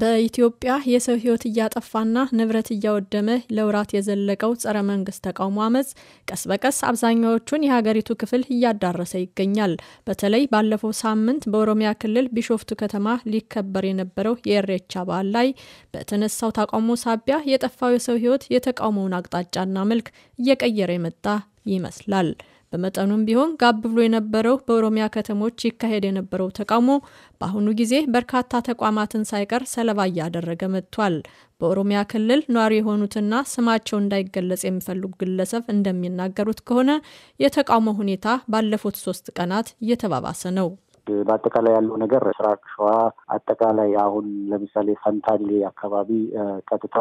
በኢትዮጵያ የሰው ህይወት እያጠፋና ንብረት እያወደመ ለውራት የዘለቀው ጸረ መንግስት ተቃውሞ አመፅ ቀስ በቀስ አብዛኛዎቹን የሀገሪቱ ክፍል እያዳረሰ ይገኛል። በተለይ ባለፈው ሳምንት በኦሮሚያ ክልል ቢሾፍቱ ከተማ ሊከበር የነበረው የእሬቻ በዓል ላይ በተነሳው ተቃውሞ ሳቢያ የጠፋው የሰው ህይወት የተቃውሞውን አቅጣጫና መልክ እየቀየረ የመጣ ይመስላል። በመጠኑም ቢሆን ጋብ ብሎ የነበረው በኦሮሚያ ከተሞች ይካሄድ የነበረው ተቃውሞ በአሁኑ ጊዜ በርካታ ተቋማትን ሳይቀር ሰለባ እያደረገ መጥቷል። በኦሮሚያ ክልል ነዋሪ የሆኑትና ስማቸው እንዳይገለጽ የሚፈልጉ ግለሰብ እንደሚናገሩት ከሆነ የተቃውሞ ሁኔታ ባለፉት ሶስት ቀናት እየተባባሰ ነው። በአጠቃላይ ያለው ነገር ምስራቅ ሸዋ አጠቃላይ አሁን ለምሳሌ ፈንታሌ አካባቢ ቀጥታ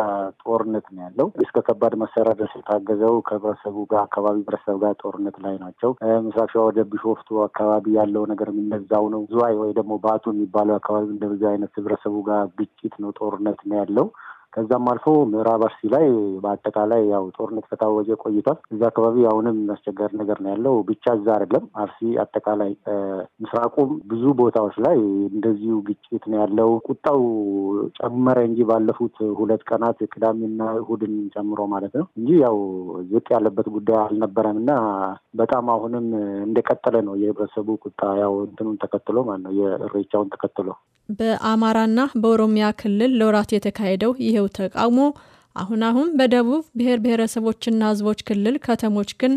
ጦርነት ነው ያለው። እስከ ከባድ መሳሪያ ድረስ የታገዘው ከህብረተሰቡ ጋር አካባቢ ህብረተሰብ ጋር ጦርነት ላይ ናቸው። ምስራቅ ሸዋ ወደ ቢሾፍቱ አካባቢ ያለው ነገር የሚነዛው ነው። ዝዋይ ወይ ደግሞ ባቱ የሚባለው አካባቢ እንደዚ አይነት ህብረተሰቡ ጋር ግጭት ነው ጦርነት ነው ያለው። ከዛም አልፎ ምዕራብ አርሲ ላይ በአጠቃላይ ያው ጦርነት ከታወጀ ቆይቷል። እዛ አካባቢ አሁንም አስቸጋሪ ነገር ነው ያለው። ብቻ እዛ አይደለም አርሲ አጠቃላይ ምስራቁም ብዙ ቦታዎች ላይ እንደዚሁ ግጭት ነው ያለው። ቁጣው ጨመረ እንጂ ባለፉት ሁለት ቀናት ቅዳሜና እሁድን ጨምሮ ማለት ነው እንጂ ያው ዝቅ ያለበት ጉዳይ አልነበረም እና በጣም አሁንም እንደቀጠለ ነው የህብረተሰቡ ቁጣ ያው እንትኑን ተከትሎ ማለት ነው የእሬቻውን ተከትሎ በአማራና በኦሮሚያ ክልል ለወራት የተካሄደው ይህ ያለው ተቃውሞ አሁን አሁን በደቡብ ብሔር ብሔረሰቦችና ህዝቦች ክልል ከተሞች ግን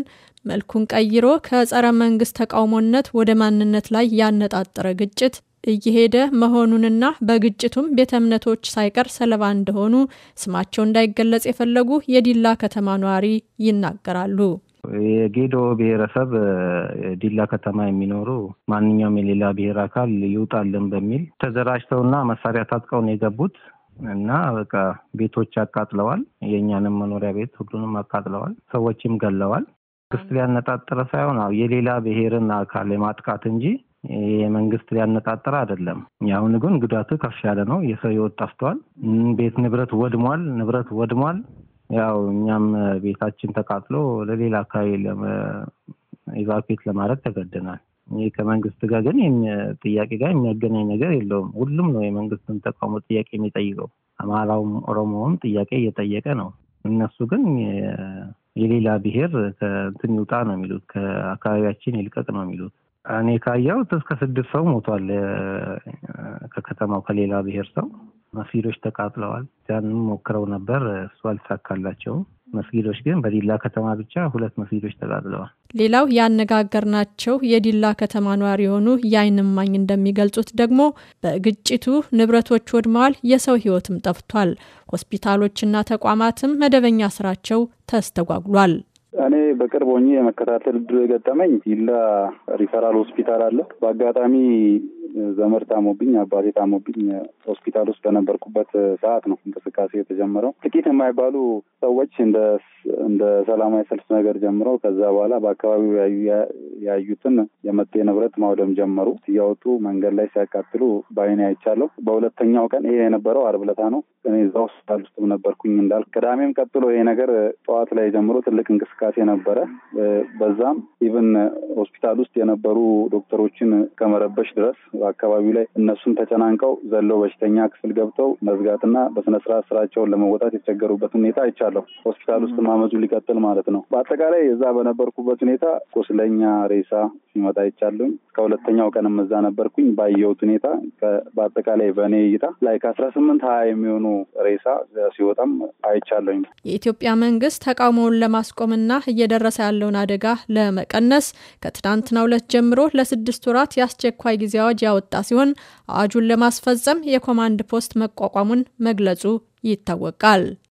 መልኩን ቀይሮ ከጸረ መንግስት ተቃውሞነት ወደ ማንነት ላይ ያነጣጠረ ግጭት እየሄደ መሆኑንና በግጭቱም ቤተ እምነቶች ሳይቀር ሰለባ እንደሆኑ ስማቸው እንዳይገለጽ የፈለጉ የዲላ ከተማ ነዋሪ ይናገራሉ። የጌዶ ብሔረሰብ ዲላ ከተማ የሚኖሩ ማንኛውም የሌላ ብሔር አካል ይውጣልን በሚል ተዘራጅተውና መሳሪያ ታጥቀውን የገቡት እና በቃ ቤቶች አቃጥለዋል። የእኛንም መኖሪያ ቤት ሁሉንም አቃጥለዋል። ሰዎችም ገለዋል። መንግስት ሊያነጣጥረ ሳይሆን የሌላ ብሔርን አካል የማጥቃት እንጂ የመንግስት ሊያነጣጥረ አይደለም። አሁን ግን ጉዳቱ ከፍ ያለ ነው። የሰው ህይወት ጠፍቷል። ቤት ንብረት ወድሟል። ንብረት ወድሟል። ያው እኛም ቤታችን ተቃጥሎ ለሌላ አካባቢ ኢቫኩዌት ለማድረግ ተገደናል። ይህ ከመንግስት ጋር ግን ይህን ጥያቄ ጋር የሚያገናኝ ነገር የለውም። ሁሉም ነው የመንግስትን ተቃውሞ ጥያቄ የሚጠይቀው። አማራውም ኦሮሞውም ጥያቄ እየጠየቀ ነው። እነሱ ግን የሌላ ብሔር ከእንትን ይውጣ ነው የሚሉት፣ ከአካባቢያችን ይልቀቅ ነው የሚሉት። እኔ ካየሁት እስከ ስድስት ሰው ሞቷል። ከከተማው ከሌላ ብሔር ሰው መሲሎች ተቃጥለዋል። ያንም ሞክረው ነበር፣ እሱ አልተሳካላቸውም። መስጊዶች ግን በዲላ ከተማ ብቻ ሁለት መስጊዶች ተቃጥለዋል። ሌላው ያነጋገርናቸው የዲላ ከተማ ነዋሪ የሆኑ የዓይን ማኝ እንደሚገልጹት ደግሞ በግጭቱ ንብረቶች ወድመዋል፣ የሰው ህይወትም ጠፍቷል። ሆስፒታሎችና ተቋማትም መደበኛ ስራቸው ተስተጓጉሏል። እኔ በቅርብ ሆኜ የመከታተል እድሉ የገጠመኝ ይላ ሪፈራል ሆስፒታል አለ። በአጋጣሚ ዘመድ ታሞብኝ አባቴ ታሞብኝ ሆስፒታል ውስጥ በነበርኩበት ሰዓት ነው እንቅስቃሴ የተጀመረው። ጥቂት የማይባሉ ሰዎች እንደ ሰላማዊ ሰልፍ ነገር ጀምረው ከዛ በኋላ በአካባቢው ያዩትን የመጤ ንብረት ማውደም ጀመሩ። እያወጡ መንገድ ላይ ሲያቃጥሉ በአይኔ አይቻለሁ። በሁለተኛው ቀን ይሄ የነበረው አርብ ዕለት ነው። እኔ እዛ ሆስፒታል ውስጥ ነበርኩኝ እንዳል ቅዳሜም ቀጥሎ ይሄ ነገር ጠዋት ላይ ጀምሮ ትልቅ እንቅስቃሴ ነበረ። በዛም ኢቭን ሆስፒታል ውስጥ የነበሩ ዶክተሮችን ከመረበሽ ድረስ በአካባቢው ላይ እነሱን ተጨናንቀው ዘለው በሽተኛ ክፍል ገብተው መዝጋትና በስነስርዓት ስራቸውን ለመወጣት የተቸገሩበት ሁኔታ አይቻለሁ። ሆስፒታል ውስጥ ማመዙ ሊቀጥል ማለት ነው። በአጠቃላይ እዛ በነበርኩበት ሁኔታ ቁስለኛ ሬሳ ሲመጣ ይቻሉኝ ከሁለተኛው ቀን እዛ ነበርኩኝ። ባየሁት ሁኔታ በአጠቃላይ በእኔ እይታ ላይ ከአስራ ስምንት ሀያ የሚሆኑ ሬሳ ሲወጣም አይቻለኝ። የኢትዮጵያ መንግስት ተቃውሞውን ለማስቆምና እየደረሰ ያለውን አደጋ ለመቀነስ ከትናንትና ሁለት ጀምሮ ለስድስት ወራት የአስቸኳይ ጊዜ አዋጅ ያወጣ ሲሆን አዋጁን ለማስፈጸም የኮማንድ ፖስት መቋቋሙን መግለጹ ይታወቃል።